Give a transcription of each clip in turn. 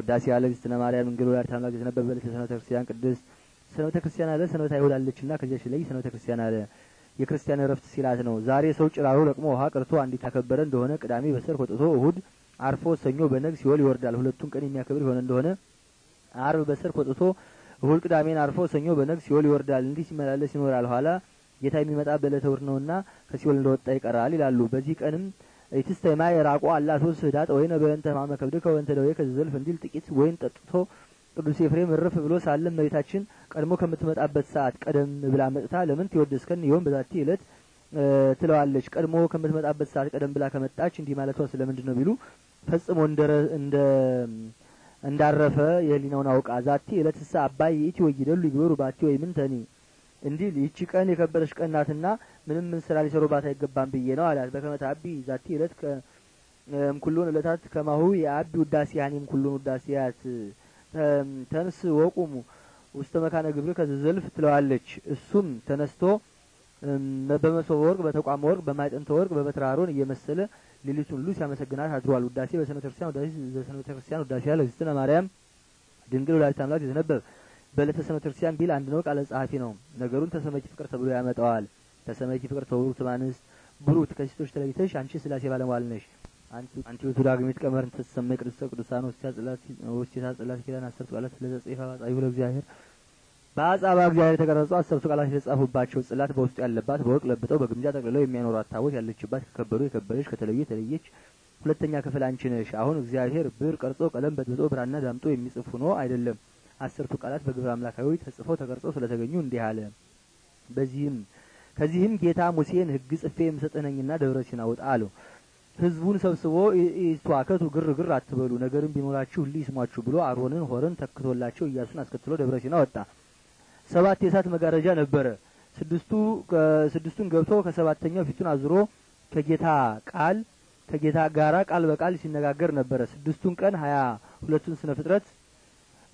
ውዳሴ ያለ ግዝእትነ ማርያም እንግል ወላዲተ አምላክ ዘነበብ በዕለተ ሰንበተ ክርስቲያን ቅድስት ሰንበተ ክርስቲያን አለ ሰንበተ አይሁድ አለችና ከዚያች ላይ ሰንበተ ክርስቲያን አለ የክርስቲያን እረፍት ሲላት ነው። ዛሬ ሰው ጭራሮ ለቅሞ ውሃ ቅርቶ አንዲት አከበረ እንደሆነ ቅዳሜ በሰርክ ወጥቶ እሁድ አርፎ ሰኞ በነግ ሲወል ይወርዳል። ሁለቱን ቀን የሚያከብር የሆነ እንደሆነ አርብ በሰርክ ወጥቶ እሁድ ቅዳሜን አርፎ ሰኞ በነግ ሲወል ይወርዳል። እንዲህ ሲመላለስ ይኖራል። ኋላ ጌታ የሚመጣ በዕለተ እሑድ ነውና ከሲወል እንደወጣ ይቀራል ይላሉ። በዚህ ቀንም ኢትስተማ የራቆ አላ ሶስት ህዳጥ ወይነ በእንተ ህማመ ከብድከ ወእንተ ደዌ ከዘዘልፍ እንዲል ጥቂት ወይን ጠጥቶ ቅዱስ ኤፍሬም እርፍ ብሎ ሳለ እመቤታችን ቀድሞ ከምትመጣበት ሰዓት ቀደም ብላ መጥታ ለምን ትወደስከን ይሆን በዛቲ እለት ትለዋለች። ቀድሞ ከምትመጣበት ሰዓት ቀደም ብላ ከመጣች እንዲህ ማለቷ ስለምንድን ነው ቢሉ ፈጽሞ እንደ እንደ እንዳረፈ የህሊናውን አውቃ ዛቲ እለት ሳ አባይ ኢቲ ወይደሉ ይግበሩ ባቲ ወይ ምን ተኒ እንዲህ ይቺ ቀን የከበረች ቀን ናትና ምንም ምን ስራ ሊሰሩባት አይገባም ብዬ ነው አላት። በከመት አቢ ዛቲ እለት እምኩሉን እለታት ከማሁ የአቢ ውዳሴ ያኔ እምኩሉን ውዳሴያት ተንስ ወቁሙ ውስተ መካነ ግብር ከዘልፍ ትለዋለች። እሱም ተነስቶ በመሶበ ወርቅ በተቋመ ወርቅ በማይጠንተ ወርቅ በበትራሮን እየመሰለ ሌሊቱን ሁሉ ሲያመሰግናት አድሯል። ውዳሴ በሰንበተ ክርስቲያን ውዳሴ ዘሰንበተ ክርስቲያን ውዳሴ ያለ ዝትነ ማርያም ድንግል ወላዲተ አምላክ ይዘነበብ በዕለተ ሰንበት ክርስቲያን ቢል አንድ ነው፣ ቃለ ጸሐፊ ነው። ነገሩን ተሰመኪ ፍቅር ተብሎ ያመጣዋል። ተሰመኪ ፍቅር ተውሩ ማንስት ብሩት ከሴቶች ተለይተሽ አንቺ ስላሴ ባለሟል ነሽ። አንቺ ውእቱ ዳግሚት ቀመርን ተሰመ ቅድስተ ቅዱሳን ወስቴታ ጽላት ኪዳን አሰርቱ ቃላት ለዘጽፋ ባጻዩ ለእግዚአብሔር በአጻባ እግዚአብሔር የተቀረጹ አሰርቱ ቃላት የተጻፉባቸው ጽላት በውስጡ ያለባት በወርቅ ለብጠው በግምጃ ጠቅልለው የሚያኖራት ታቦት ያለችባት ከከበሩ የከበረች ከተለዩ የተለየች ሁለተኛ ክፍል አንቺ ነሽ። አሁን እግዚአብሔር ብር ቀርጾ ቀለም በጥብጦ ብራና ዳምጦ የሚጽፍ ሆኖ አይደለም አስርቱ ቃላት በግብረ አምላካዊ ተጽፈው ተቀርጸው ስለተገኙ እንዲህ አለ። በዚህም ከዚህም ጌታ ሙሴን ሕግ ጽፌ የምሰጥህ ነኝና ደብረ ሲና ውጣ አለው። ሰብስቦ ይስተዋከቱ፣ ግር ግር አትበሉ፣ ነገርም ቢኖራችሁ ሁሉ ይስሟችሁ ብሎ አሮንን ሆርን ተክቶላቸው እያሱን አስከትሎ ደብረ ሲና ወጣ። ሰባት የእሳት መጋረጃ ነበረ። ስድስቱ ስድስቱን ገብቶ ከሰባተኛው ፊቱን አዙሮ ከጌታ ቃል ከጌታ ጋራ ቃል በቃል ሲነጋገር ነበረ። ስድስቱን ቀን ሀያ ሁለቱን ስነ ፍጥረት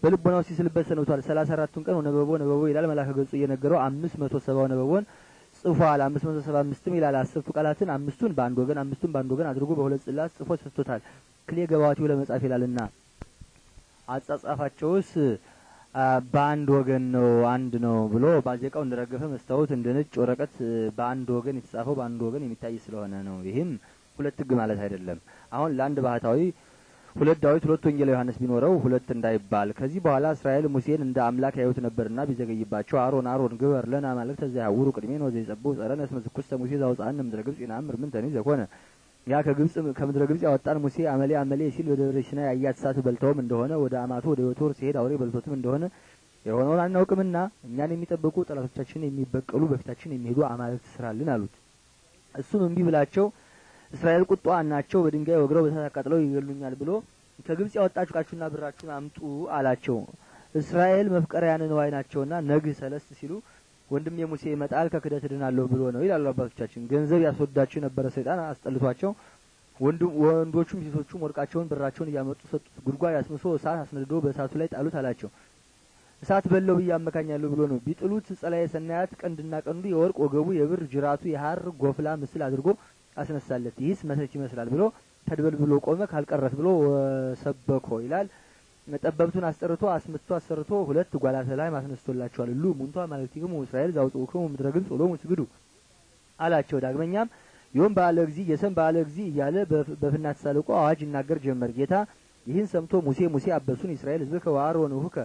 በልቦናው ሲስልበት ሰነብቷል። ሰላሳ አራቱን ቀን ነበቦ ነበቦ ይላል መላከ ገጹ እየነገረው አምስት መቶ ሰባው ነበቦን ጽፏል። አምስት መቶ ሰባ አምስትም ይላል አስርቱ ቃላትን አምስቱን በአንድ ወገን አምስቱን በአንድ ወገን አድርጎ በሁለት ጽላት ጽፎ ሰጥቶታል። ክሌ ገባዋቲው ለመጻፍ ይላልና አጻጻፋቸውስ በአንድ ወገን ነው አንድ ነው ብሎ ባዜቃው እንደረገፈ መስታወት እንደ ነጭ ወረቀት በአንድ ወገን የተጻፈው በአንድ ወገን የሚታይ ስለሆነ ነው። ይህም ሁለት ህግ ማለት አይደለም። አሁን ለአንድ ባህታዊ ሁለት ዳዊት ሁለት ወንጌላ ዮሐንስ ቢኖረው ሁለት እንዳይባል። ከዚህ በኋላ እስራኤል ሙሴን እንደ አምላክ ያዩት ነበርና ቢዘገይባቸው አሮን አሮን ግበር ለነ አማልክተ ቅድሜ ነው ወዘይጸብሑ ጸረ ነስ ዝኩስተ ተሙሴ ዛውፃን ምድረ ግብጽ ምን ተኒ ዘኮነ ያ ከግብጽ ከምድረ ግብጽ ያወጣን ሙሴ አመሌ አመሌ ሲል በደብረ ሲና ያያት እሳት በልተውም እንደሆነ ወደ አማቱ ወደ ዮቶር ሲሄድ አውሬ በልቶትም እንደሆነ የሆነውን አናውቅምና እኛን የሚጠብቁ ጠላቶቻችን የሚበቀሉ በፊታችን የሚሄዱ አማልክት ስራልን አሉት። እሱም እምቢ ብላቸው እስራኤል ቁጧ ናቸው፣ በድንጋይ ወግረው በእሳት አቃጥለው ይገሉኛል ብሎ ከግብጽ ያወጣችሁ ዕቃችሁንና ብራችሁን አምጡ አላቸው። እስራኤል መፍቀሪያ ነነዋይ ናቸውና ነግህ ሰለስት ሲሉ ወንድም የሙሴ ይመጣል ከክደት እድናለሁ ብሎ ነው ይላሉ አባቶቻችን። ገንዘብ ያስወዳቸው የነበረ ሰይጣን አስጠልቷቸው ወንዶቹም ሴቶቹም ወርቃቸውን ብራቸውን እያመጡ ሰጡት። ጉድጓድ አስምሶ እሳት አስነድዶ በእሳቱ ላይ ጣሉት አላቸው። እሳት በለው ብዬ አመካኛለሁ ብሎ ነው ቢጥሉት ጸላየ ሰናያት ቀንድና ቀንዱ የወርቅ ወገቡ የብር ጅራቱ የሀር ጎፍላ ምስል አድርጎ አስነሳለት። ይህስ መሰች ይመስላል ብሎ ተድበል ብሎ ቆመ። ካልቀረት ብሎ ሰበኮ ይላል። ጠበብቱን አስጠርቶ አስምቶ አሰርቶ ሁለት ጓላተ ላይ ማስነስቶላቸዋል። ሉ ሙንቷ ማለክቲክሙ እስራኤል ዛውጽኡክሙ ምድረ ግብጽ ወሎሙ ስግዱ አላቸው። ዳግመኛም ዮም በዓለ ጊዜ የሰም በዓለ ጊዜ እያለ በፍናት ሳልቆ አዋጅ ይናገር ጀመር። ጌታ ይህን ሰምቶ ሙሴ ሙሴ አበሱን እስራኤል ሕዝብከ ወአሮን ውሁከ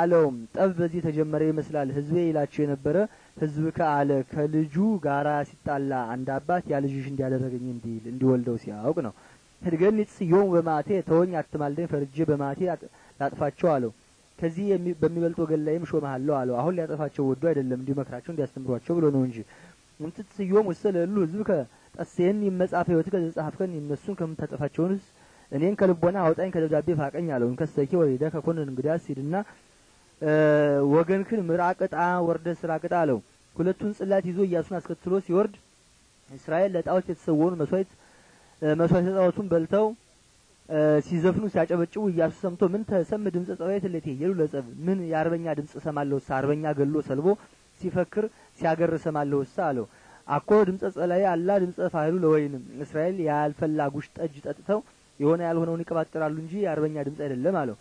አለውም ጠብ በዚህ ተጀመረ ይመስላል ህዝቤ ይላቸው የነበረ ህዝብ ከአለ ከልጁ ጋራ ሲጣላ አንድ አባት ያ ልጅሽ እንዲያደረገኝ እንዲል እንዲወልደው ሲያውቅ ነው። ህድገን ጽዮን በማቴ ተወኝ አትማልደኝ ፈርጄ በማቴ ላጥፋቸው አለው። ከዚህ በሚበልጥ ወገን ላይም ሾመሃለሁ አለው። አሁን ሊያጠፋቸው ወዶ አይደለም እንዲመክራቸው እንዲያስተምሯቸው ብሎ ነው እንጂ እንት ጽዮም ወሰለሉ ህዝብ ከጠሴን ይመጻፈ ህይወት ከዘጻፍከን ይነሱን ከምታጠፋቸውንስ እኔን ከልቦና አውጣኝ ከደብዳቤ ፋቀኝ አለው። እንከሰኪ ወሬደ ከኮንን እንግዳ ሲድና ወገንክን ምራ ቅጣ ወርደ ስራ ቅጣ አለው። ሁለቱን ጽላት ይዞ ኢያሱን አስከትሎ ሲወርድ እስራኤል ለጣዖት የተሰወኑ መስዋዕት መስዋዕት ጣዖቱን በልተው ሲዘፍኑ ሲያጨበጭቡ ኢያሱ ሰምቶ ምን ተሰም ድምጽ ጸባይት ለቴ የሉ ለጸብ ምን የአርበኛ ድምፅ እሰማለሁ አርበኛ ገሎ ሰልቦ ሲፈክር ሲያገር ሳ አለው። አኮ ድምፀ ጸላይ አላ ድምፀ ፋይሉ ለወይንም እስራኤል ያልፈላጉሽ ጠጅ ጠጥተው የሆነ ያልሆነውን ይቀባጥራሉ እንጂ የአርበኛ ድምፅ አይደለም አለው።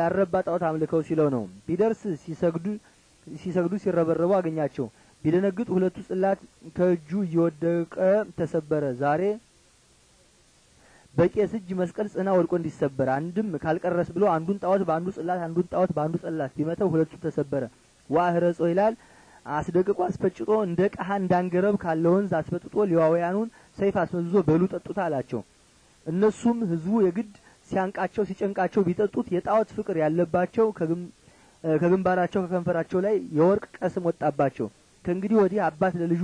ያረባ ጣዖት አምልከው ሲለው ነው። ቢደርስ ሲሰግዱ ሲረበረቡ አገኛቸው። ቢደነግጥ ሁለቱ ጽላት ከእጁ እየወደቀ ተሰበረ። ዛሬ በቄስ እጅ መስቀል ጽና ወድቆ እንዲሰበር አንድም ካልቀረስ ብሎ አንዱን ጣዖት በአንዱ ጽላት አንዱን ጣዖት በአንዱ ጽላት ቢመተው ሁለቱ ተሰበረ። ዋህረጾ ይላል አስደቅቆ አስፈጭጦ እንደ ቀሀ እንዳንገረብ ካለ ወንዝ አስፈጥጦ ሊዋውያኑን ሰይፍ አስመዝዞ በሉ ጠጡት አላቸው። እነሱም ህዝቡ የግድ ሲያንቃቸው ሲጨንቃቸው ቢጠጡት የጣዖት ፍቅር ያለባቸው ከግንባራቸው ከከንፈራቸው ላይ የወርቅ ቀስም ወጣባቸው። ከእንግዲህ ወዲህ አባት ለልጁ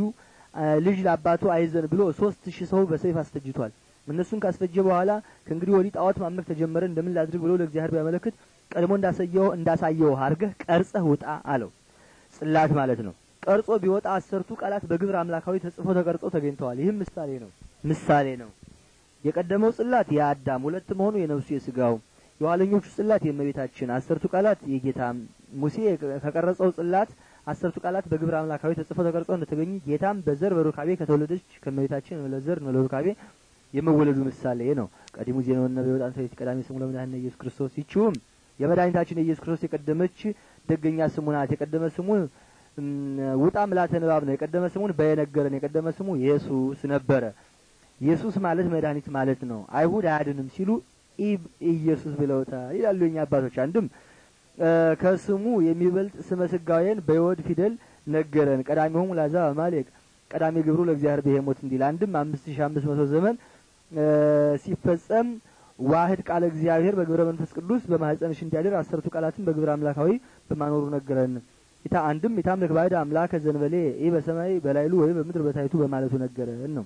ልጅ ለአባቱ አይዘን ብሎ ሶስት ሺህ ሰው በሰይፍ አስፈጅቷል። እነሱን ካስፈጀ በኋላ ከእንግዲህ ወዲህ ጣዖት ማምለክ ተጀመረ። እንደምን ላድርግ ብሎ ለእግዚአብሔር ቢያመለክት ቀድሞ እንዳሳየው እንዳሳየው አርገህ ቀርጸህ ውጣ አለው። ጽላት ማለት ነው። ቀርጾ ቢወጣ አሰርቱ ቃላት በግብር አምላካዊ ተጽፎ ተቀርጾ ተገኝተዋል። ይህም ምሳሌ ነው ምሳሌ ነው። የቀደመው ጽላት የአዳም ሁለት መሆኑ የነፍሱ የስጋው፣ የኋለኞቹ ጽላት የእመቤታችን፣ አሰርቱ ቃላት የጌታ ሙሴ ከቀረጸው ጽላት አሰርቱ ቃላት በግብር አምላካዊ ተጽፎ ተቀርጾ እንደተገኙ ጌታም በዘር በሩካቤ ከተወለደች ከእመቤታችን ለዘር ነው ለሩካቤ የመወለዱ ምሳሌ ነው። ቀዲሙ ዜናውን ነው በወጣን ሰይት ቀዳሚ ስሙ ለመድኃኒነ ኢየሱስ ክርስቶስ ይችውም የመድኃኒታችን የኢየሱስ ክርስቶስ የቀደመች ደገኛ ስሙ ናት። የቀደመ ስሙ ውጣ ምላተ ንባብ ነው። የቀደመ ስሙን በየነገረን የቀደመ ስሙ ኢየሱስ ነበረ። ኢየሱስ ማለት መድኃኒት ማለት ነው። አይሁድ አያድንም ሲሉ ኢየሱስ ብለውታል ይላሉ የኛ አባቶች። አንድም ከስሙ የሚበልጥ ስመ ስጋዌን በይወድ ፊደል ነገረን። ቀዳሚ ሆሙ ላዛ አማሌቅ ቀዳሚ ግብሩ ለእግዚአብሔር ብሄሞት እንዲል አንድም አምስት ሺህ አምስት መቶ ዘመን ሲፈጸም ዋህድ ቃለ እግዚአብሔር በግብረ መንፈስ ቅዱስ በማህፀንሽ እንዲያደር አሰርቱ ቃላትን በግብረ አምላካዊ በማኖሩ ነገረን። ኢታ አንድም ኢታምልክ ባዕድ አምላከ ዘንበሌ ኢ በሰማይ በላይሉ ወይም በምድር በታይቱ በማለቱ ነገረን ነው።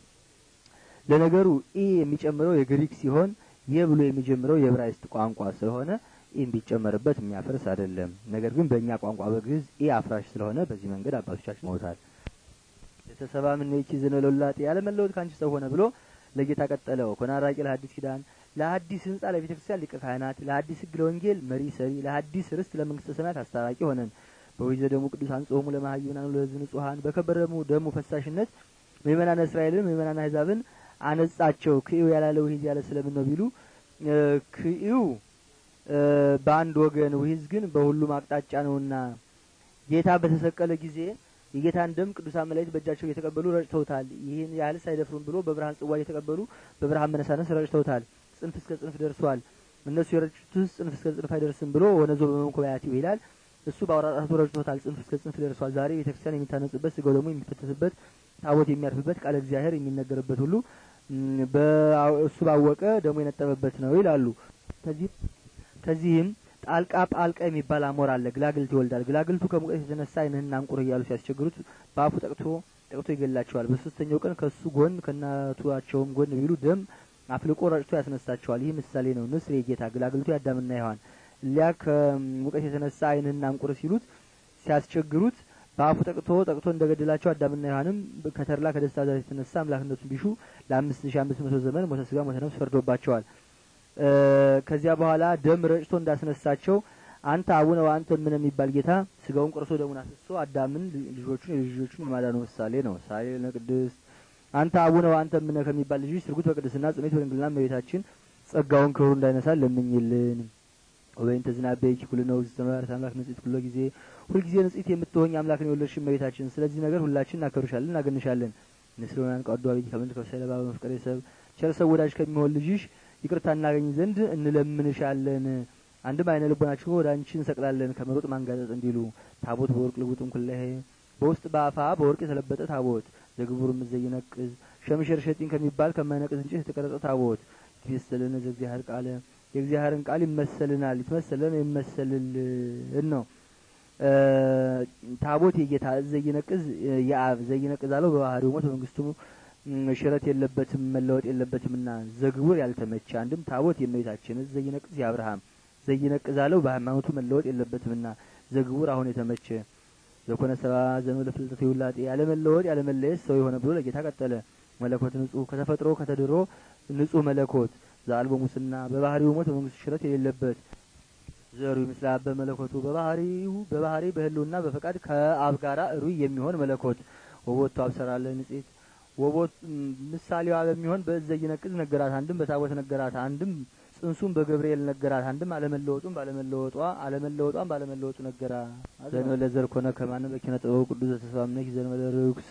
ለነገሩ ኢ የሚጨምረው የግሪክ ሲሆን የ ብሎ የሚጀምረው የዕብራይስጥ ቋንቋ ስለሆነ ኢን ቢጨመርበት የሚያፈርስ አይደለም። ነገር ግን በእኛ ቋንቋ በግዕዝ ኢ አፍራሽ ስለሆነ በዚህ መንገድ አባቶቻችን ሞታል። የተሰባ ምን ዘነሎላጥ ያለ ያለመለወጥ ካንቺ ሰው ሆነ ብሎ ለጌታ ቀጠለው ኮናራቂ ለሐዲስ ኪዳን ለሐዲስ ህንጻ ለቤተክርስቲያን ሊቀ ካህናት ለሐዲስ ህግ ለወንጌል መሪ ሰሪ ለሐዲስ ርስት ለመንግስተ ሰማያት አስታራቂ ሆነን በወይዘ ደሙ ቅዱሳን ጾሙ ለማህዩናን ለዚህ ንጹሀን በከበረ ደሙ ፈሳሽነት ምእመናን እስራኤልን ምእመናን አሕዛብን አነጻቸው። ክኢው ያላለ ውሂዝ ያለ ስለምን ነው ቢሉ ክኢው በአንድ ወገን ውሂዝ ግን በሁሉም አቅጣጫ ነውና ጌታ በተሰቀለ ጊዜ የጌታን ደም ቅዱሳን መላእክት በእጃቸው እየተቀበሉ ረጭተውታል። ይህን ያህልስ አይደፍሩም ብሎ በብርሃን ጽዋ እየተቀበሉ በብርሃን መነሳነስ ረጭተውታል። ጽንፍ እስከ ጽንፍ ደርሷል። እነሱ የረጩት ጽንፍ እስከ ጽንፍ አይደርስም ብሎ ወነዞ በመንኮባያት ይላል። እሱ በአውራጣቱ ረድቶታል። ጽንፍ እስከ ጽንፍ ደርሷል። ዛሬ ቤተክርስቲያን የሚታነጽበት፣ ስጋው ደግሞ የሚፈተትበት፣ ታቦት የሚያርፍበት፣ ቃለ እግዚአብሔር የሚነገርበት ሁሉ እሱ ባወቀ ደግሞ የነጠበበት ነው ይላሉ። ከዚህም ጣልቃ ጳልቃ የሚባል አሞራ አለ። ግላግልት ይወልዳል። ግላግልቱ ከሙቀት የተነሳ ዓይንህና አንቁር እያሉ ሲያስቸግሩት በአፉ ጠቅቶ ጠቅቶ ይገላቸዋል። በሶስተኛው ቀን ከእሱ ጎን ከእናቱቸውም ጎን ቢሉ ደም አፍልቆ ረጭቶ ያስነሳቸዋል። ይህ ምሳሌ ነው። ንስር የጌታ ግላግልቱ ያዳምና ሔዋን ሊያ ከሙቀት የተነሳ ዓይንህን አንቁር ሲሉት ሲያስቸግሩት በአፉ ጠቅቶ ጠቅቶ እንደገደላቸው አዳምና ሔዋንም ከተርላ ከደስታ ዛት የተነሳ አምላክነቱን ቢሹ ለአምስት ሺህ አምስት መቶ ዘመን ሞተ ስጋ ሞተ ነፍስ ፈርዶባቸዋል። ከዚያ በኋላ ደም ረጭቶ እንዳስነሳቸው አንተ አቡነ ወአንተ ምን የሚባል ጌታ ስጋውን ቆርሶ ደሙን አስሶ አዳምን ልጆቹን የልጆቹን የማዳኑ ምሳሌ ነው። ሳይለ ቅድስት አንተ አቡነ ወአንተ ምን ከሚባል ልጅ ስርጉት በቅድስና ጽሜት በድንግልና እመቤታችን ጸጋውን ክብሩ እንዳይነሳ ለምኝልን። ወይም ተዝናበይኪ ኩልነ ውእግዝእትነ ተመላበት አምላክ ንጽሕት ኩሎ ጊዜ ሁልጊዜ ንጽሕት የምትሆኝ አምላክን የወለድሽ እመቤታችን ስለዚህ ነገር ሁላችን እናከብርሻለን እናገንሻለን። ንስሮናን ቀዶ አብይ ከምን ከሰለባ በመፍቀሬ ሰብ ቸር ሰው ወዳጅ ከሚሆን ልጅሽ ይቅርታ እናገኝ ዘንድ እንለምንሻለን። አንድም አይነ ልቦናችሁ ወደ አንቺ እንሰቅላለን ከመሮጥ ማንጋጠጥ እንዲሉ ታቦት በወርቅ ልውጥም እንኩለሄ በውስጥ በአፋ በወርቅ የተለበጠ ታቦት ዘግቡርም ዘይነቅዝ ሸምሸር ሸጢን ከሚባል ከማይነቅዝ እንጭህ የተቀረጸ ታቦት ቤት ስለነ ዘእግዚአብሔር ቃለ የእግዚአብሔርን ቃል ይመሰልናል ይመሰለን ይመሰልልን ነው። ታቦት የጌታ ዘይነቅዝ የአብ ዘይነቅዝ አለው በባህሪው ሞት በመንግስቱ ሽረት የለበትም መለወጥ የለበትም ና ዘግቡር ያልተመቸ አንድም ታቦት የመቤታችን ዘይነቅዝ የአብርሃም ዘይነቅዝ አለው በሃይማኖቱ መለወጥ የለበትም ና ዘግቡር አሁን የተመቸ ዘኮነ ሰባ ዘኑ ለፍልጠት ይውላጤ ያለመለወጥ ያለመለየስ ሰው የሆነ ብሎ ለጌታ ቀጠለ መለኮት ንጹህ ከተፈጥሮ ከተድሮ ንጹህ መለኮት ዘአልቦ ሙስና በባህሪው ሞት በመንግስት ሽረት የሌለበት ዘሩ ይመስላል በመለኮቱ በባህሪው በባህሪ በህልውና በፈቃድ ከአብ ጋራ እሩይ የሚሆን መለኮት ወቦቱ አብሰራለ ንጽት ወቦት ምሳሌዋ በሚሆን በእዘይ ነቅዝ ነገራት አንድም በታቦት ነገራት አንድም ጽንሱን በገብርኤል ነገራት አንድም አለመለወጡን ባለመለወጧ አለመለወጧን ባለመለወጡ ነገራ ዘንበለ ዘር ኮነ ከማንም በኪነ ጥበቡ ቅዱስ ተስፋምነች ዘንበለ ርኩስ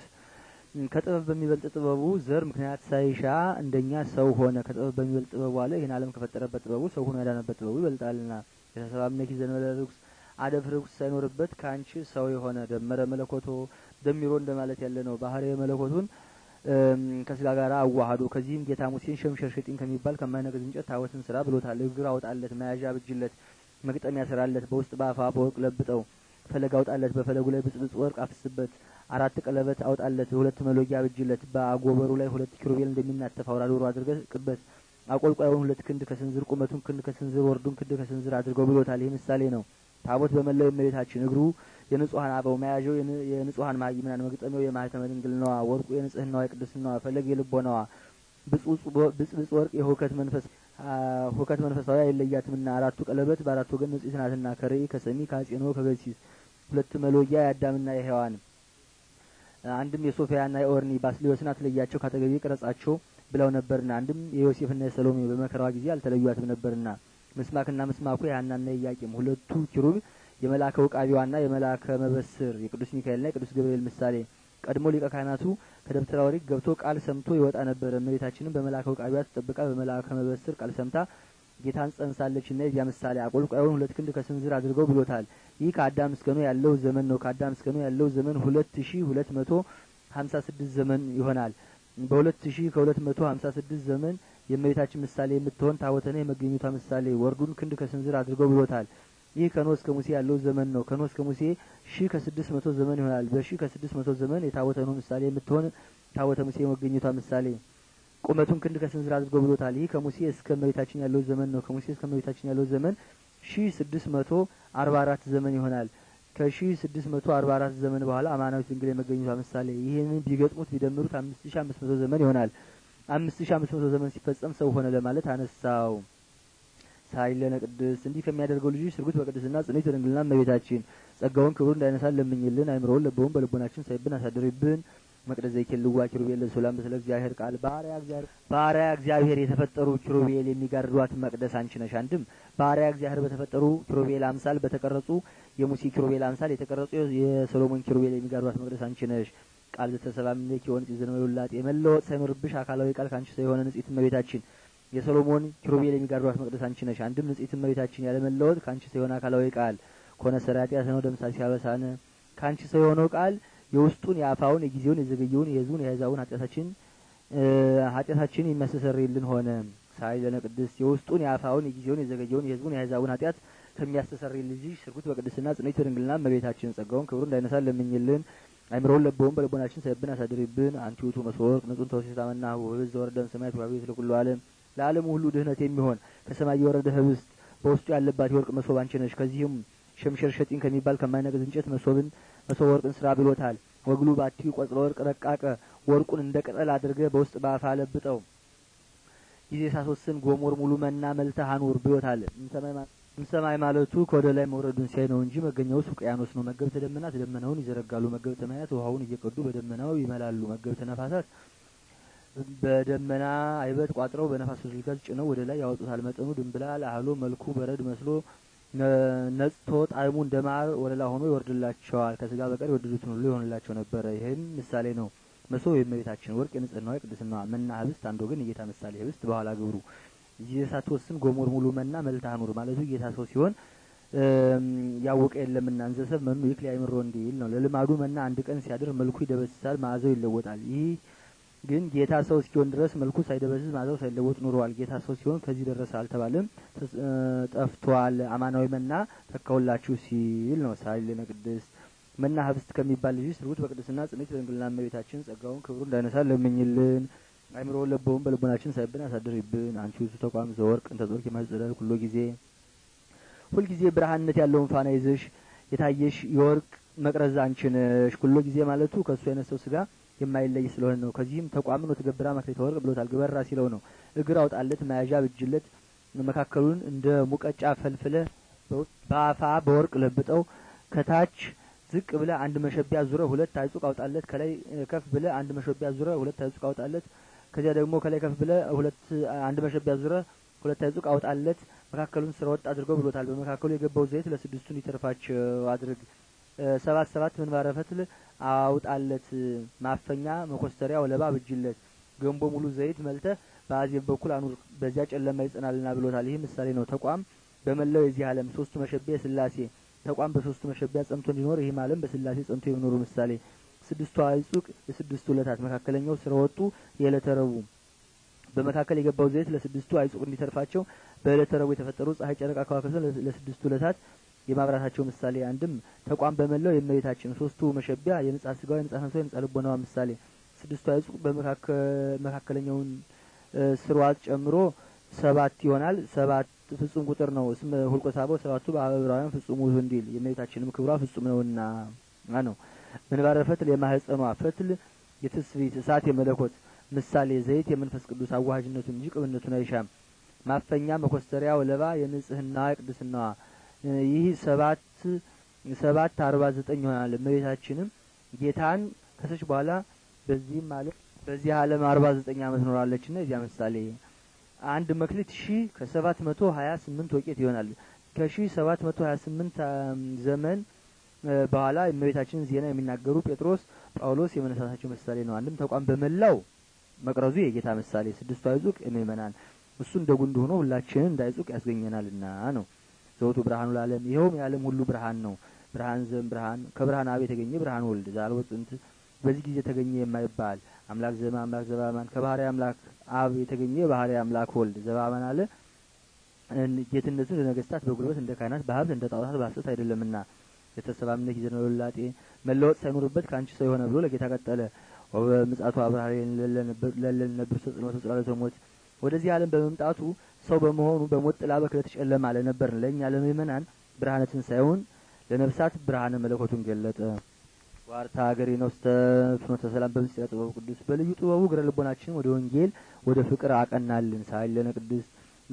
ከጥበብ በሚበልጥ ጥበቡ ዘር ምክንያት ሳይሻ እንደኛ ሰው ሆነ። ከጥበብ በሚበልጥ ጥበቡ አለ ይህን ዓለም ከፈጠረበት ጥበቡ ሰው ሆኖ ያዳነበት ጥበቡ ይበልጣልና የተሰባምነኪ ዘንበለ ርኩስ አደፍ ርኩስ ሳይኖርበት ከአንቺ ሰው የሆነ ደመረ መለኮቶ ደሚሮ እንደማለት ያለ ነው። ባህር መለኮቱን ከስጋ ጋር አዋህዶ ከዚህም ጌታ ሙሴን ሸምሸር ሽጢን ከሚባል ከማይነቅዝ እንጨት ታወትን ስራ ብሎታል። እግር አውጣለት፣ መያዣ ብጅለት፣ መግጠሚያ ስራለት፣ በውስጥ በአፋ በወቅ ለብጠው፣ ፈለግ አውጣለት፣ በፈለጉ ላይ ብጽብጽ ወርቅ አፍስበት አራት ቀለበት አውጣለት፣ ሁለት መሎጊያ አብጅለት፣ በአጎበሩ ላይ ሁለት ኪሩቤል እንደሚናተፍ አውራ ዶሮ አድርገህ ቅበት፣ አቆልቋዩን ሁለት ክንድ ከስንዝር ቁመቱን ክንድ ከስንዝር ወርዱን ክንድ ከስንዝር አድርገው ብሎታል። ይህ ምሳሌ ነው። ታቦት በመላው የመሬታችን እግሩ የንጹሐን አበው መያዣው የንጹሐን ማይምናን መግጠሚያው የማህተመ ድንግልናዋ ወርቁ የንጽህናዋ የቅድስናዋ ፈለግ የልቦናዋ ብጽብጽ ወርቅ የሁከት መንፈስ ሁከት መንፈሳዊ አይለያትምና አራቱ ቀለበት በአራት ወገን ንጽሕት ናትና ከርእ ከሰሚ ከአጼኖ ከገሲስ ሁለት መሎጊያ የአዳምና የሔዋን አንድም የሶፊያና የኦርኒ ባስልዮስን አትለያቸው ካጠገቤ ቅረጻቸው ብለው ነበርና አንድም የዮሴፍና የሰሎሜ በመከራዋ ጊዜ አልተለዩትም ነበርና ምስማክና ምስማኩ የሐናና የኢያቄም ሁለቱ ኪሩብ የመላከ ውቃቢዋና የመላከ መበስር የቅዱስ ሚካኤልና የቅዱስ ገብርኤል ምሳሌ ቀድሞ ሊቀ ካህናቱ ከደብተራ ኦሪት ገብቶ ቃል ሰምቶ ይወጣ ነበረ። እመቤታችንም በመላከ ውቃቢዋ ተጠብቃ በመላከ መበስር ቃል ሰምታ ጌታን ጸንሳለች እና የዚያ ምሳሌ አቆልቋዩን ሁለት ክንድ ከስንዝር አድርገው ብሎታል። ይህ ከአዳም እስከ ኖህ ያለው ዘመን ነው። ከአዳም እስከ ኖህ ያለው ዘመን ሁለት ሺ ሁለት መቶ ሀምሳ ስድስት ዘመን ይሆናል። በሁለት ሺ ከሁለት መቶ ሀምሳ ስድስት ዘመን የእመቤታችን ምሳሌ የምትሆን ታቦተነ የመገኘቷ ምሳሌ ወርዱን ክንድ ከስንዝር አድርገው ብሎታል። ይህ ከኖህ እስከ ሙሴ ያለው ዘመን ነው። ከኖህ እስከ ሙሴ ሺ ከስድስት መቶ ዘመን ይሆናል። በሺ ከስድስት መቶ ዘመን የታቦተ ኖህ ምሳሌ የምትሆን ታቦተ ሙሴ የመገኘቷ ምሳሌ ቁመቱን ክንድ ከስንዝር አድርጎ ብሎታል። ይህ ከሙሴ እስከ እመቤታችን ያለው ዘመን ነው። ከሙሴ እስከ እመቤታችን ያለው ዘመን ሺ ስድስት መቶ አርባ አራት ዘመን ይሆናል። ከሺ ስድስት መቶ አርባ አራት ዘመን በኋላ አማናዊት ድንግል የመገኘቷ ምሳሌ ይህንን ቢገጥሙት ቢደምሩት አምስት ሺ አምስት መቶ ዘመን ይሆናል። አምስት ሺ አምስት መቶ ዘመን ሲፈጸም ሰው ሆነ ለማለት አነሳው። ሳይለነ ቅድስት እንዲህ ከሚያደርገው ልጅ ስርጉት በቅድስና ጽንዕት በድንግልና እመቤታችን ጸጋውን ክብሩ እንዳይነሳን ለምኝልን። አይምሮውን ለበውን በልቦናችን ሳይብን አሳድርብን መቅደስ ዘይኬልዋ ኪሩቤል ለሶላም ስለ እግዚአብሔር ቃል ባሪያ እግዚአብሔር ባሪያ እግዚአብሔር የተፈጠሩ ኪሩቤል የሚጋርዷት መቅደስ አንቺ ነሽ። አንድም ባሪያ እግዚአብሔር በተፈጠሩ ኪሩቤል አምሳል በተቀረጹ የሙሴ ኪሩቤል አምሳል የተቀረጹ የሶሎሞን ኪሩቤል የሚጋርዷት መቅደስ አንቺ ነሽ። ቃል ዘተሰላም ለኪ ወንጭ ዘነው ይውላጥ የመለወጥ ሳይኖርብሽ አካላዊ ቃል ካንቺ ሳይሆን ንጽሕት እመቤታችን የሶሎሞን ኪሩቤል የሚጋርዷት መቅደስ አንቺ ነሽ። አንድም ንጽሕት እመቤታችን ያለመለወጥ ካንቺ ሳይሆን አካላዊ ቃል ኮነ ሰራጢያ ሰነው ደምሳ ሲያበሳነ ካንቺ ሳይሆን ቃል የውስጡን የአፋውን የጊዜውን የዘገየውን የህዝቡን የአሕዛብን ኃጢአታችን ኃጢአታችን የሚያስተሰርይልን ሆነ። ሳይ ለነ ቅድስት የውስጡን የአፋውን የጊዜውን የዘገየውን የህዝቡን የአሕዛብን ኃጢአት ከሚያስተሰርይልን ልጅ ስርጉት በቅድስና ጽንኢት በድንግልና መቤታችን ጸጋውን ክብሩ እንዳይነሳ ለምኝልን። አይምሮውን ለበውን በልቦናችን ሰብን አሳድሪብን። አንቲ ውእቱ መስወርቅ ንጹን ተወሲተ ጣመና ውህብዝ ዘወረደን ሰማያት ባቢ ለኩሉ አለም ለዓለሙ ሁሉ ድህነት የሚሆን ከሰማይ የወረደ ህብስት በውስጡ ያለባት የወርቅ መሶብ አንቺ ነሽ። ከዚህም ሸምሸር ሸጢን ከሚባል ከማይነቅዝ እንጨት መሶብን እሰው ወርቅ ስራ ብሎታል። ወግሉ ባቲ ቆጽለ ወርቅ ረቃቀ ወርቁን እንደ ቅጠል አድርገ በውስጥ ባፋ ለብጠው ጊዜ ሳሶስን ጎሞር ሙሉ መና መልተህ አኑር ብሎታል። እምሰማይ ማለቱ ከወደ ላይ መውረዱን ሲያይ ነው እንጂ መገኘው ውቅያኖስ ነው። መገብተ ደመናት ደመናውን ይዘረጋሉ። መገብተ ማያት ውሃውን እየቀዱ በደመናው ይመላሉ። መገብተ ነፋሳት በደመና አይበት ቋጥረው በነፋስ ስልከት ጭነው ወደ ላይ ያወጡታል። መጠኑ ድንብላል አህሎ መልኩ በረድ መስሎ ነጽቶ ጣዕሙ እንደ ማር ወለላ ሆኖ ይወርድላቸዋል። ከስጋ በቀር የወደዱትን ሁሉ ይሆንላቸው ነበረ። ይህም ምሳሌ ነው። መሶብ የእመቤታችን ወርቅ የንጽህናዋ የቅድስናዋ መና ህብስት አንድ ወገን የጌታ ምሳሌ ህብስት በኋላ ግብሩ ሳትወስን ጎሞር ሙሉ መና መልታ ኑር ማለቱ ጌታ ሰው ሲሆን ያወቀ የለምና እንዘሰብ መኑ ይክል ያይምሮ እንዲል ነው። ለልማዱ መና አንድ ቀን ሲያድር መልኩ ይደበስሳል፣ መዓዛው ይለወጣል። ይህ ግን ጌታ ሰው እስኪሆን ድረስ መልኩ ሳይደበዝዝ ማዘው ሳይለወጥ ኑሯል። ጌታ ሰው ሲሆን ከዚህ ደረሰ አልተባለም። ጠፍቷል። አማናዊ መና ተካውላችሁ ሲል ነው። ሳሊለነ ቅድስት መና ህብስት ከሚባል ልጅ ስርጉት በቅድስና ጽንዕት በድንግልና እመቤታችን ጸጋውን ክብሩን እንዳይነሳ ለምኝልን። አይምሮ ለበውን በልቦናችን ሳይብን አሳድርብን። አንቺ ውስጥ ተቋም ዘወርቅ እንተ ዘወርቅ ማይጸደል ሁሉ ጊዜ ሁልጊዜ ብርሃንነት ያለውን ፋና ይዘሽ የታየሽ የወርቅ መቅረዝ አንቺ ነሽ። ሁሉ ጊዜ ማለቱ ከእሱ የነሰው ስጋ የማይለይ ስለሆነ ነው። ከዚህም ተቋምን ወተገብራ መክሌተ ወርቅ ብሎታል። ግበራ ሲለው ነው እግር አውጣለት መያዣ ብጅለት መካከሉን እንደ ሙቀጫ ፈልፍለ በአፋ በወርቅ ለብጠው ከታች ዝቅ ብለ አንድ መሸቢያ ዙረ ሁለት አይጹቅ አውጣለት። ከላይ ከፍ ብለ አንድ መሸቢያ ዙረ ሁለት አይጹቅ አውጣለት። ከዚያ ደግሞ ከላይ ከፍ ብለ ሁለት አንድ መሸቢያ ዙረ ሁለት አይጹቅ አውጣለት። መካከሉን ስራ ወጥ አድርገው ብሎታል። በመካከሉ የገባው ዘይት ለስድስቱን ይተርፋቸው አድርግ ሰባት ሰባት ምንባረ ፈትል አውጣለት ማፈኛ መኮስተሪያ ወለባ ብጅለት ገንቦ ሙሉ ዘይት መልተ በአዜብ በኩል አኑር በዚያ ጨለማ ይጽናልና ብሎታል። ይህ ምሳሌ ነው። ተቋም በመላው የዚህ ዓለም ሶስቱ መሸቢያ ስላሴ ተቋም በሶስቱ መሸቢያ ጸንቶ እንዲኖር ይህም ዓለም በስላሴ ጸንቶ የሚኖሩ ምሳሌ ስድስቱ አይጹቅ የስድስቱ ዕለታት መካከለኛው ስረ ወጡ የዕለተ ረቡዕ በመካከል የገባው ዘይት ለስድስቱ አይጹቅ እንዲተርፋቸው በዕለተ ረቡዕ የተፈጠሩ ፀሐይ፣ ጨረቃ፣ ከዋክብት ለስድስቱ ዕለታት የማብራታቸው ምሳሌ አንድም ተቋም በመላው የእመቤታችን ሶስቱ መሸቢያ የምጻ ስጋዋ የምጻ ነፍሷ የምጻ ልቦናዋ ምሳሌ ስድስቱ አይጹ በመካከለኛውን ስርዋት ጨምሮ ሰባት ይሆናል። ሰባት ፍጹም ቁጥር ነው። ስም ሁልቆ ሳበው ሰባቱ በአበብራውያን ፍጹም ውዙ እንዲል የእመቤታችንም ክብሯ ፍጹም ነውና ነው። ምንባረ ፈትል የማህፀኗ ፈትል የትስብእት እሳት የመለኮት ምሳሌ ዘይት የመንፈስ ቅዱስ አዋሃጅነቱን እንጂ ቅብነቱን አይሻም። ማፈኛ መኮስተሪያ ወለባ የንጽህናዋ የቅድስናዋ ይህ ሰባት ሰባት አርባ ዘጠኝ ይሆናል። እመቤታችንም ጌታን ከሰች በኋላ በዚህም ማለት በዚህ ዓለም አርባ ዘጠኝ ዓመት ና እዚያ ምሳሌ አንድ መክሊት ሺ ከሰባት መቶ ሀያ ስምንት ወቄት ይሆናል። ከሺ ሰባት መቶ ሀያ ስምንት ዘመን በኋላ የእመቤታችንን ዜና የሚናገሩ ጴጥሮስ፣ ጳውሎስ የመነሳታቸው ምሳሌ ነው። አንድም ተቋም በመላው መቅረዙ የጌታ ምሳሌ ስድስቱ አይዙቅ ምእመናን እሱ እንደ ጉንድ ሆኖ ሁላችንን እንዳይዙቅ ያስገኘናልና ነው። ዘውቱ ብርሃኑ ለዓለም ይኸውም የዓለም ሁሉ ብርሃን ነው። ብርሃን ዘም ብርሃን ከብርሃን አብ የተገኘ ብርሃን ወልድ ዛልወ ጥንት በዚህ ጊዜ ተገኘ የማይባል አምላክ ዘማ አምላክ ዘባማን ከባህሪ አምላክ አብ የተገኘ ባህሪ አምላክ ወልድ ዘባማን አለ ጌትነቱ እንደ ነገስታት በጉልበት እንደ ካህናት በሀብት እንደ ጣዖታት በሀሰት አይደለምና የተሰባምነት ጊዜ ነው ለውላጤ መለወጥ ሳይኖርበት ከአንቺ ሰው የሆነ ብሎ ለጌታ ቀጠለ ወበምጻቱ አብርሃሬን ለለን ለለነብር ሰጽኖ ተጽላለ ተሞት ወደዚህ ዓለም በመምጣቱ ሰው በመሆኑ በሞት ጥላ በክለት ጨለማ ለነበርን ለእኛ ለምእመናን ብርሃነ ትንሣኤውን ለነብሳት ብርሃነ መለኮቱን ገለጠ። ዋርታ ሀገሬ ነው ስተ ፍኖተ ሰላም በምስጢረ ጥበቡ ቅዱስ በልዩ ጥበቡ ግረ ልቦናችን ወደ ወንጌል ወደ ፍቅር አቀናልን ሳይለነ ቅዱስ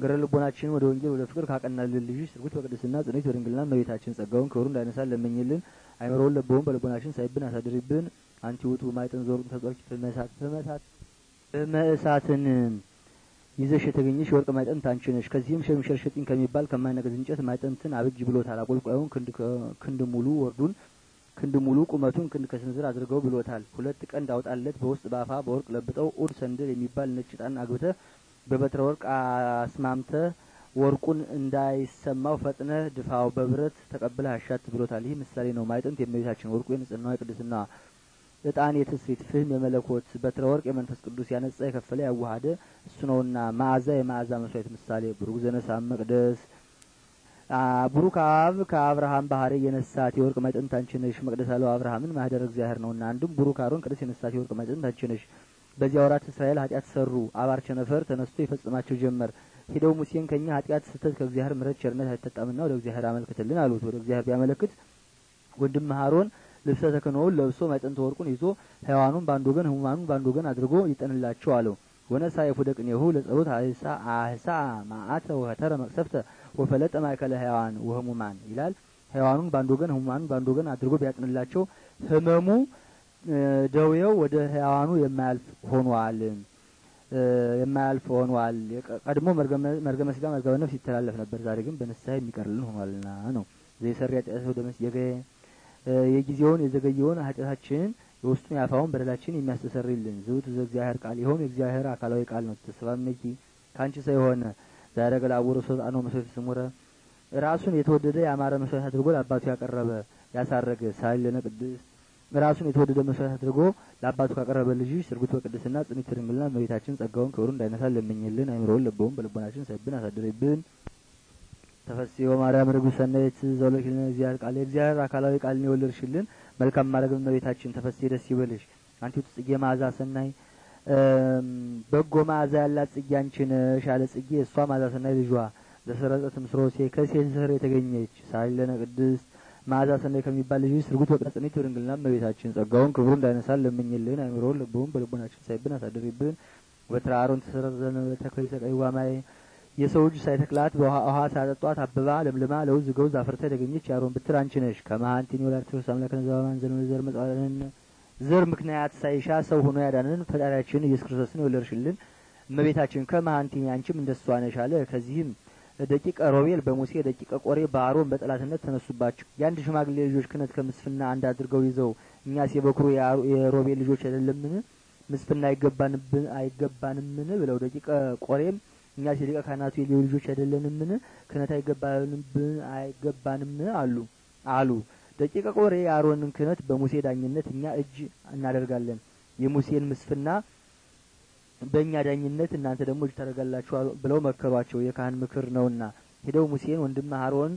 ግረ ልቦናችን ወደ ወንጌል ወደ ፍቅር ካቀናልን ልጅ ስርጉት በቅድስና ጽኑት በድንግልና መቤታችን ጸጋውን ክብሩ እንዳይነሳ ለመኝልን አይምሮውን ለበውን በልቦናችን ሳይብን አሳድሪብን አንቲ ውጡ ማይጠን ዞሩ ተጧቂ በመእሳትን ይዘሽ የተገኘሽ የወርቅ ማዕጠንት አንቺ ነሽ። ከዚህም ሸምሸር ከሚባል ከማይነቅዝ እንጨት ማዕጠንትን አብጅ ብሎታል። አቆልቋዩን ክንድ ሙሉ ወርዱን ክንድ ሙሉ ቁመቱን ክንድ ከስንዝር አድርገው ብሎታል። ሁለት ቀንድ አውጣለት በውስጥ በአፋ በወርቅ ለብጠው ኡድ ሰንደል የሚባል ነጭ ጣን አግብተ በበትረ ወርቅ አስማምተ ወርቁን እንዳይሰማው ፈጥነ ድፋው በብረት ተቀብለህ አሻት ብሎታል። ይህ ምሳሌ ነው። ማዕጠንት የእመቤታችን ወርቁ የንጽህናዋ የቅድስናዋ ዕጣን የትስብእት ፍህም የመለኮት በትረ ወርቅ የመንፈስ ቅዱስ ያነጻ የከፈለ ያዋሃደ እሱ ነውና መዓዛ የመዓዛ መስዋዕት ምሳሌ ብሩክ ዘነሳ መቅደስ ብሩክ አብ ከአብርሃም ባህሪ የነሳት የወርቅ መጠንት አንቺ ነሽ። መቅደስ አለው አብርሃምን ማህደር እግዚአብሔር ነውና። አንድም ብሩክ አሮን ቅደስ የነሳት የወርቅ መጠንት አንቺ ነሽ። በዚያ ወራት እስራኤል ኃጢአት ሰሩ። አባር ቸነፈር ተነስቶ ይፈጽማቸው ጀመር። ሄደው ሙሴን ከኛ ኃጢአት ስህተት ከእግዚአብሔር ምሕረት ቸርነት አይታጣምና ወደ እግዚአብሔር አመልክትልን አሉት። ወደ እግዚአብሔር ቢያመለክት ወንድም አሮን ልብሰ ተክህኖውን ለብሶ ማይጠንተ ወርቁን ይዞ ሕያዋኑን በአንድ ወገን ሕሙማኑን በአንድ ወገን አድርጎ ይጠንላቸው አለው። ወነሳ የፉደ ቅኔሁ ለጸሎት አህሳ ማአተ ወከተረ መቅሰፍተ ወፈለጠ ማእከለ ሕያዋን ወሕሙማን ይላል። ሕያዋኑን በአንድ ወገን ሕሙማኑን በአንድ ወገን አድርጎ ቢያጥንላቸው ህመሙ ደዌው ወደ ሕያዋኑ የማያልፍ ሆኗል የማያልፍ ሆኗል። ቀድሞ መርገመ ስጋ መርገመ ነፍስ ይተላለፍ ነበር፣ ዛሬ ግን በንስሐ የሚቀርልን ሆኗልና ነው። ዘይሰሪያ ጨሰው ደመስ የገ የጊዜውን የዘገየውን ኃጢአታችንን የውስጡን ያፋውን በደላችን የሚያስተሰርይልን ዝውት እግዚአብሔር ቃል ይሆን የእግዚአብሔር አካላዊ ቃል ነው። ተስፋመኪ ከአንቺ ሰው የሆነ ዛሬ ለአቡሮ ሶት አኖ መስዋዕት ስሙረ ራሱን የተወደደ ያማረ መስዋዕት አድርጎ ለአባቱ ያቀረበ ያሳረገ ሳይል ለነቅድስ ራሱን የተወደደ መስዋዕት አድርጎ ለአባቱ ካቀረበ ልጅ ስርጉት በቅድስና ጽኒት ትድንግልና እመቤታችን ጸጋውን ክብሩን እንዳይነሳ ለምኝልን። አይምሮውን ለበውን በልቦናችን ሰብን አሳድርብን። ተፈጽዮ ማርያም ርግብ ሰናይት ዘውለኪል እግዚአብሔር ቃል እግዚአብሔር አካላዊ ቃልን የወለድሽልን መልካም ማድረግ እመቤታችን ተፈጽዮ ደስ ይበልሽ። አንቺቱ ጽጌ መዓዛ ሰናይ በጎ መዓዛ ያላት ጽጌ አንቺ ነሽ አለ ጽጌ እሷ መዓዛ ሰናይ ልጇ ዘሰረጸት ምስሮሴ ከሴት ዘር የተገኘች ሳይል ለነ ቅድስት መዓዛ ሰናይ ከሚባል ልጅ ስርጉት ወቀጽንት ድንግልና መቤታችን ጸጋውን ክብሩ እንዳይነሳል ለምኝልን። አይምሮውን ልቡን በልቦናችን ሳይብን አሳድሪብን። ወትራሩን ተሰረዘነ ተከይ ማይ የሰው እጅ ሳይተክላት ውሃ ሳያጠጧት አበባ ለምልማ ለውዝ ገውዝ አፍርታ የተገኘች የአሮን ብትር አንቺ ነሽ። ከመሀንቲን ወላድ ክርስቶስ አምላክ ነዘባማን ዘንሆነ ዘር መጽዋለንን ዘር ምክንያት ሳይሻ ሰው ሆኖ ያዳንን ፈጣሪያችን ኢየሱስ ክርስቶስን የወለድሽልን እመቤታችን ከመሀንቲን አንቺም እንደሷ ነሽ አለ። ከዚህም ደቂቀ ሮቤል በሙሴ ደቂቀ ቆሬ በአሮን በጠላትነት ተነሱባቸው። የአንድ ሽማግሌ ልጆች ክህነት ከምስፍና አንድ አድርገው ይዘው እኛስ የበኩሩ የሮቤል ልጆች አይደለምን? ምስፍና አይገባንምን ብለው ደቂቀ ቆሬም እኛ ሲሊቀ ካህናቱ የሌዊ ልጆች አይደለንምን? ክህነት አይገባንም አሉ አሉ። ደቂቀ ቆሬ የአሮንን ክህነት በሙሴ ዳኝነት እኛ እጅ እናደርጋለን። የሙሴን ምስፍና በእኛ ዳኝነት እናንተ ደግሞ እጅ ታደርጋላችሁ ብለው መከሯቸው። የካህን ምክር ነውና ሄደው ሙሴን ወንድም አሮን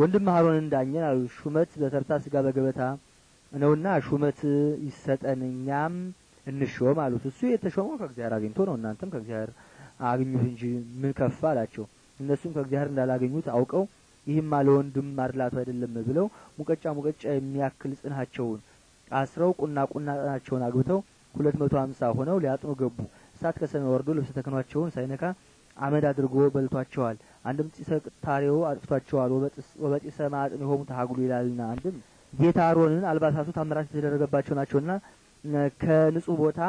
ወንድም አሮንን ዳኘን አሉ። ሹመት በተርታ ስጋ በገበታ ነውና ሹመት ይሰጠን እኛም እንሾም አሉት። እሱ የተሾመው ከእግዚአብሔር አግኝቶ ነው። እናንተም ከእግዚአብሔር አግኙት እንጂ ምን ከፋ አላቸው። እነሱም ከእግዚአብሔር እንዳላገኙት አውቀው ይህማ ለወንድም ማድላት አይደለም ብለው ሙቀጫ ሙቀጫ የሚያክል ጽናቸውን አስረው ቁና ቁናቸውን አግብተው ሁለት መቶ ሀምሳ ሆነው ሊያጥኑ ገቡ። እሳት ከሰማይ ወርዶ ልብሰ ተክህኗቸውን ሳይነካ አመድ አድርጎ በልቷቸዋል። አንድም ጢሰ ታሬው አጥፍቷቸዋል። ወበጢሰ ማጥን የሆሙ ተሀግሉ ይላልና አንድም ጌታ አሮንን አልባሳቱ ታምራት የተደረገባቸው ናቸውና ከንጹህ ቦታ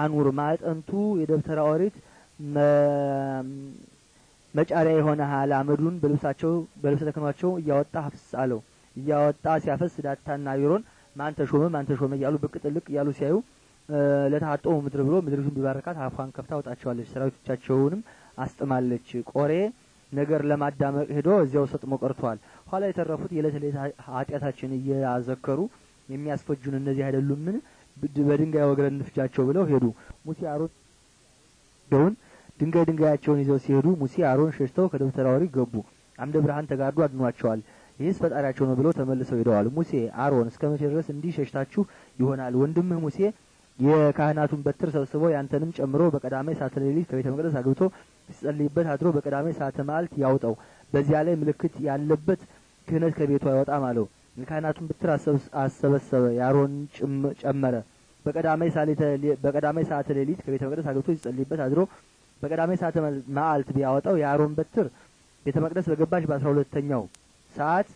አኑር ማዕጠንቱ የደብተራ ኦሪት መጫሪያ የሆነ ሀላ አመዱን በልብሳቸው በልብሰ ተክኗቸው እያወጣ ሀፍስ አለው። እያወጣ ሲያፈስ ዳታና ቢሮን ማን ተሾመ ማን ተሾመ እያሉ ብቅ ጥልቅ እያሉ ሲያዩ ለታጦ ምድር ብሎ ምድሪቱን ቢባረካት አፏን ከፍታ አውጣቸዋለች። ሰራዊቶቻቸውንም አስጥማለች። ቆሬ ነገር ለማዳመቅ ሄዶ እዚያው ሰጥሞ ቀርቷል። ኋላ የተረፉት የዕለት ዕለት ኃጢአታችን እያዘከሩ የሚያስፈጁን እነዚህ አይደሉምን? በድንጋይ ወግረን እንፍጃቸው ብለው ሄዱ። ሙሴ አሮን ደውን ድንጋይ ድንጋያቸውን ይዘው ሲሄዱ ሙሴ አሮን ሸሽተው ከደብተራ ወሪ ገቡ። አምደ ብርሃን ተጋርዶ አድኗቸዋል። ይህስ ፈጣሪያቸው ነው ብለው ተመልሰው ሄደዋል። ሙሴ አሮን እስከ መቼ ድረስ እንዲህ ሸሽታችሁ ይሆናል? ወንድምህ ሙሴ የካህናቱን በትር ሰብስቦ ያንተንም ጨምሮ በቀዳሜ ሰዓተ ሌሊት ከቤተ መቅደስ አግብቶ ሲጸልይበት አድሮ በቀዳሜ ሰዓተ መዓልት ያውጠው፣ በዚያ ላይ ምልክት ያለበት ክህነት ከቤቱ አይወጣም አለው። የካህናቱን በትር አሰበሰበ፣ የአሮን ጨመረ። በቀዳሜ ሰዓተ ሌሊት ከቤተ መቅደስ አግብቶ ሲጸልይበት አድሮ በቀዳሜ ሰዓተ መዓልት ቢያወጣው የአሮን በትር ቤተ መቅደስ በገባች በአስራ ሁለተኛው ሰዓት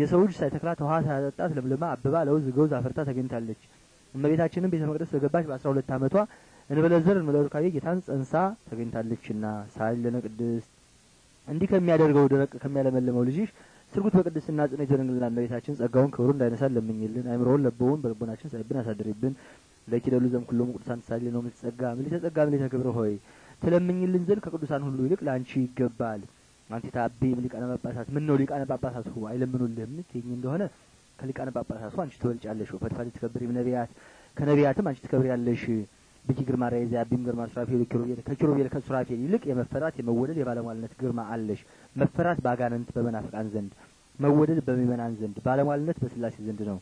የሰው ልጅ ሳይተክላት ውሃ ሳያጠጣት ለምልማ አበባ ለውዝ ገውዝ አፈርታ ተገኝታለች። እመቤታችንም ቤተ መቅደስ በገባች በአስራ ሁለት ዓመቷ እንበለዘር እንበለሩካቤ ጌታን ጸንሳ ተገኝታለችና ሳል ለነቅድስት እንዲህ ከሚያደርገው ደረቅ ከሚያለመልመው ልጅሽ ስርጉት በቅድስና ጽነ ይደረግልናል። እመቤታችን ጸጋውን ክብሩ እንዳይነሳል ለምኝልን። አይምሮውን ለበውን በልቦናችን ሳይብን አሳድሪብን። ለኪደሉ ዘም ኩሎም ቅዱሳን ሳሌ ነው ምልዕተ ጸጋ ምልዕተ ጸጋ ምልዕተ ክብር ሆይ ትለምኝልን ዘንድ ከቅዱሳን ሁሉ ይልቅ ለአንቺ ይገባል። አንቺ ታቤም ሊቃነ ጳጳሳት ምን ነው ሊቃነ ጳጳሳት ሁ አይለምኑልህም ትይኝ እንደሆነ ከሊቃነ ጳጳሳቱ አንቺ ትበልጫለሽ። ፈድፋድ ትከብሪም ነቢያት ከነቢያትም አንቺ ያለሽ ብጂ ግርማ ራይዚ አቢም ግርማ ሱራፌል ኪሩቤል ከኪሩቤል ከሱራፌል ይልቅ የመፈራት የመወደድ የባለሟልነት ግርማ አለሽ። መፈራት በአጋንንት በመናፍቃን ዘንድ መወደድ በሚመናን ዘንድ ባለሟልነት በስላሴ ዘንድ ነው።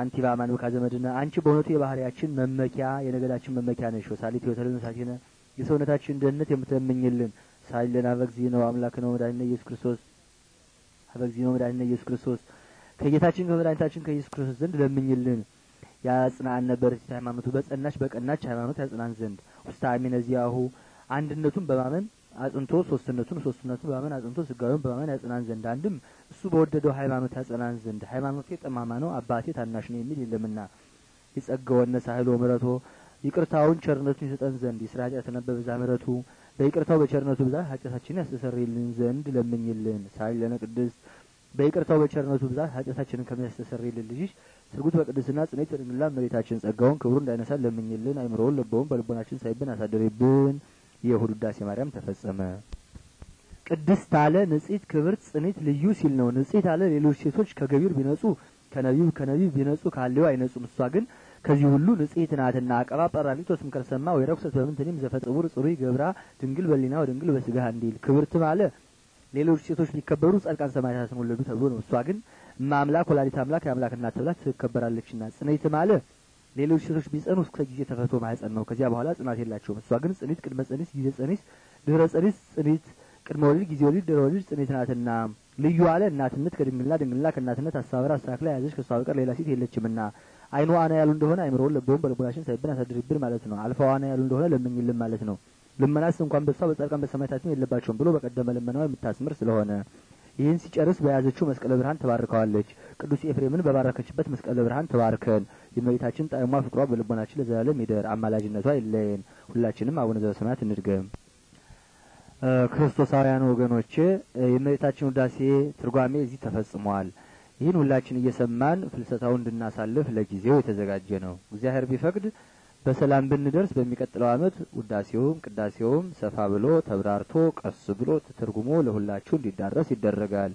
አንቲ በአማን ወካ ዘመድነ አንቺ በእውነቱ የባህሪያችን መመኪያ የነገዳችን መመኪያ ነሽ። ወሳሊት ወተለነ ሳቲነ የሰውነታችን ደህንነት የምትመኝልን ሳይለን አምላክ ነው መድኃኒትነ ኢየሱስ ክርስቶስ ነው መድኃኒትነ ኢየሱስ ክርስቶስ ከጌታችን ከመድኃኒታችን ከኢየሱስ ክርስቶስ ዘንድ ለምኝልን። ያጽናን ነበር ሲ ሃይማኖቱ በጸናች በቀናች ሃይማኖት ያጽናን ዘንድ ውስታ አሜን እዚያሁ አንድነቱን በማመን አጽንቶ ሶስትነቱን ሶስትነቱን በማመን አጽንቶ ስጋዊውን በማመን ያጽናን ዘንድ አንድም እሱ በወደደው ሃይማኖት ያጽናን ዘንድ ሃይማኖቴ ጠማማ ነው አባቴ ታናሽ ነው የሚል የለምና የጸገወነ ሳህሎ ምረቶ ይቅርታውን ቸርነቱን ይሰጠን ዘንድ ይስራ ኃጢአትነ በበዛ ምሕረቱ በይቅርታው በቸርነቱ ብዛት ኃጢአታችንን ያስተሰርይልን ዘንድ ለምኝልን። ሳሊ ለነ ቅድስት በይቅርታው በቸርነቱ ብዛት ኃጢአታችንን ከሚያስተሰርይልን ልጅሽ ስርጉት በቅድስና ጽኔት በድንግልና መሬታችን ጸጋውን ክብሩ እንዳይነሳ ለምኝልን። አይምሮውን ልቦውን በልቦናችን ሳይብን አሳደሬብን። የእሁድ ውዳሴ ማርያም ተፈጸመ። ቅድስት አለ ንጽት ክብር ጽኔት ልዩ ሲል ነው። ንጽት አለ ሌሎች ሴቶች ከገቢር ቢነጹ ከነቢብ ከነቢብ ቢነጹ ካሌው አይነጹም። እሷ ግን ከዚህ ሁሉ ንጽሕት ናትና አቀባ ጰራቅሊጦስ እምከርሰማ ወይ ረኩሰት በምንትኒም ዘፈጽቡር ጽሩይ ገብራ ድንግል በሊና ወድንግል በስጋህ እንዲል ክብርት ማለ ሌሎች ሴቶች ሊከበሩ ጻድቃን ሰማዕታትን ወለዱ ተብሎ ነው። እሷ ግን ማምላክ ወላዲት አምላክ የአምላክ እናት ተብላ ትከበራለችና፣ ጽንዕት ማለ ሌሎች ሴቶች ቢጸኑ እስከ ጊዜ ተፈቶ ማህፀን ነው። ከዚያ በኋላ ጽናት የላቸውም። እሷ ግን ጽኒት፣ ቅድመ ጽኒት፣ ጊዜ ጽኒት፣ ድህረ ጽኒት፣ ጽኒት ቅድመ ወሊድ፣ ጊዜ ወሊድ፣ ድህረ ወሊድ ጽኒት ናትና ልዩ አለ። እናትነት ከድንግልና ድንግልና ከእናትነት አስተባበር አስተካክላ የያዘች ከእሷ በቀር ሌላ ሴት የለችምና አይኑ ዋና ያሉ እንደሆነ አይምሮውን ልቦውን በልቦናሽን ሳይብን አሳድርብን ማለት ነው። አልፋ አና ያሉ እንደሆነ ለምኝልን ማለት ነው። ልመናስ እንኳን በሷ በጻድቃን በሰማዕታትም የለባቸውም ብሎ በቀደመ ልመናዋ የምታስምር ስለሆነ ይህን ሲጨርስ በያዘችው መስቀለ ብርሃን ተባርከዋለች። ቅዱስ ኤፍሬምን በባረከችበት መስቀለ ብርሃን ተባርከን። የመሬታችን ጣዕሟ ፍቅሯ በልቦናችን ለዘላለም ይደር፣ አማላጅነቷ አይለየን። ሁላችንም አቡነ ዘበሰማያት እንድገም። ክርስቶሳውያን ወገኖቼ የመሬታችን ውዳሴ ትርጓሜ እዚህ ተፈጽሟል። ይህን ሁላችን እየሰማን ፍልሰታውን እንድናሳልፍ ለጊዜው የተዘጋጀ ነው። እግዚአብሔር ቢፈቅድ በሰላም ብንደርስ በሚቀጥለው ዓመት ውዳሴውም ቅዳሴውም ሰፋ ብሎ ተብራርቶ ቀስ ብሎ ተተርጉሞ ለሁላችሁ እንዲዳረስ ይደረጋል።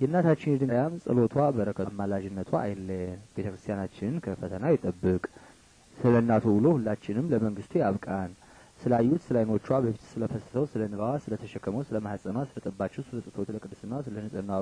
የእናታችን ድንያም ጸሎቷ፣ በረከት አማላጅነቷ አይለየን። ቤተ ክርስቲያናችንን ከፈተና ይጠብቅ። ስለ እናቱ ውሎ ሁላችንም ለመንግስቱ ያብቃን። ስላዩት ስለ አይኖቿ በፊት ስለፈሰሰው ስለ ንባዋ ስለ ተሸከመው ስለ ማህጸኗ ስለ ጠባችው ስለ ጡቶች ስለ ቅድስና ስለ ንጽህና